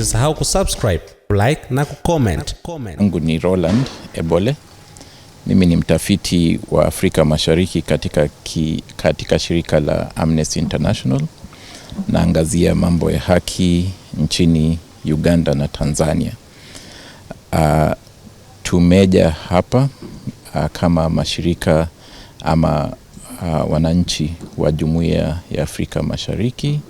Usisahau kusubscribe, like na kucomment. Mungu ni Roland Ebole. Mimi ni mtafiti wa Afrika Mashariki katika, ki, katika shirika la Amnesty International. Naangazia mambo ya haki nchini Uganda na Tanzania. Uh, tumeja hapa uh, kama mashirika ama uh, wananchi wa Jumuiya ya Afrika Mashariki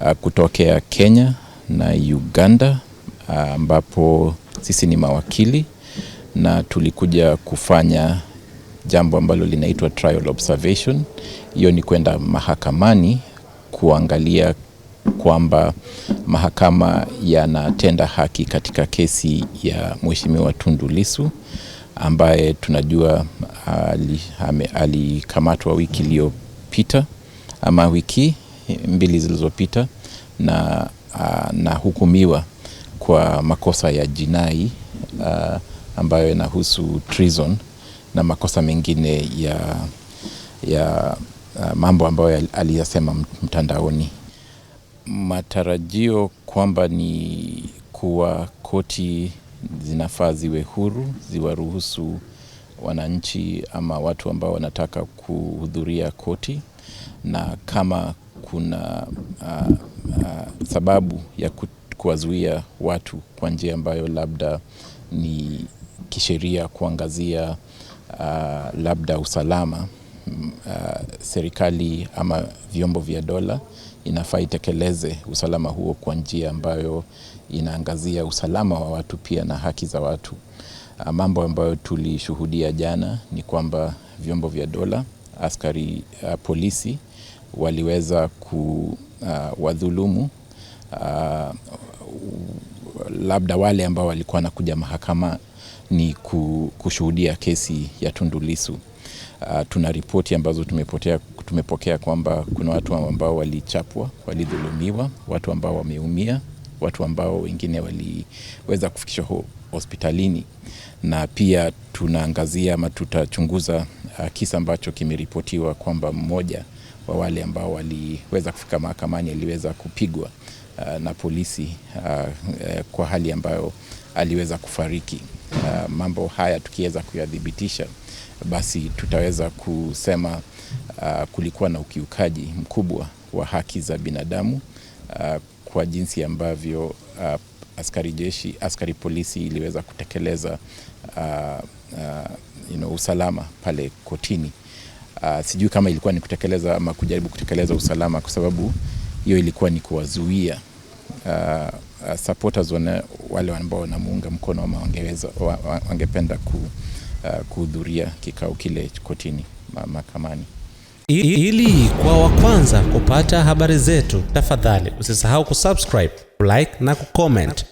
uh, kutokea Kenya na Uganda ah, ambapo sisi ni mawakili na tulikuja kufanya jambo ambalo linaitwa trial observation. Hiyo ni kwenda mahakamani kuangalia kwamba mahakama yanatenda haki katika kesi ya Mheshimiwa Tundu Lissu ambaye tunajua ah, alikamatwa wiki iliyopita ama wiki mbili zilizopita na anahukumiwa uh, kwa makosa ya jinai uh, ambayo yanahusu treason na makosa mengine ya, ya uh, mambo ambayo aliyasema mtandaoni. Matarajio kwamba ni kuwa koti zinafaa ziwe huru, ziwaruhusu wananchi ama watu ambao wanataka kuhudhuria koti, na kama kuna uh, sababu ya kuwazuia watu kwa njia ambayo labda ni kisheria kuangazia uh, labda usalama mm, uh, serikali ama vyombo vya dola inafaa itekeleze usalama huo kwa njia ambayo inaangazia usalama wa watu pia na haki za watu. Uh, mambo ambayo tulishuhudia jana ni kwamba vyombo vya dola, askari uh, polisi waliweza ku uh, wadhulumu uh, labda wale ambao walikuwa wanakuja mahakama ni kushuhudia kesi ya Tundu Lissu. Uh, tuna ripoti ambazo tumepotea, tumepokea kwamba kuna watu ambao walichapwa, walidhulumiwa, watu ambao wameumia, watu ambao wengine waliweza kufikishwa hospitalini, na pia tunaangazia ama tutachunguza uh, kisa ambacho kimeripotiwa kwamba mmoja wa wale ambao waliweza kufika mahakamani aliweza kupigwa uh, na polisi uh, uh, kwa hali ambayo aliweza kufariki. Uh, mambo haya tukiweza kuyathibitisha, basi tutaweza kusema uh, kulikuwa na ukiukaji mkubwa wa haki za binadamu uh, kwa jinsi ambavyo uh, askari jeshi, askari polisi iliweza kutekeleza uh, uh, you know, usalama pale kotini. Uh, sijui kama ilikuwa ni kutekeleza ama kujaribu kutekeleza usalama, kwa sababu hiyo ilikuwa ni kuwazuia uh, supporters wana, wale ambao wanamuunga mkono ama wangeweza wangependa ku, uh, kuhudhuria kikao kile kotini mahakamani. Ili kwa wa kwanza kupata habari zetu, tafadhali usisahau kusubscribe, like na kucomment.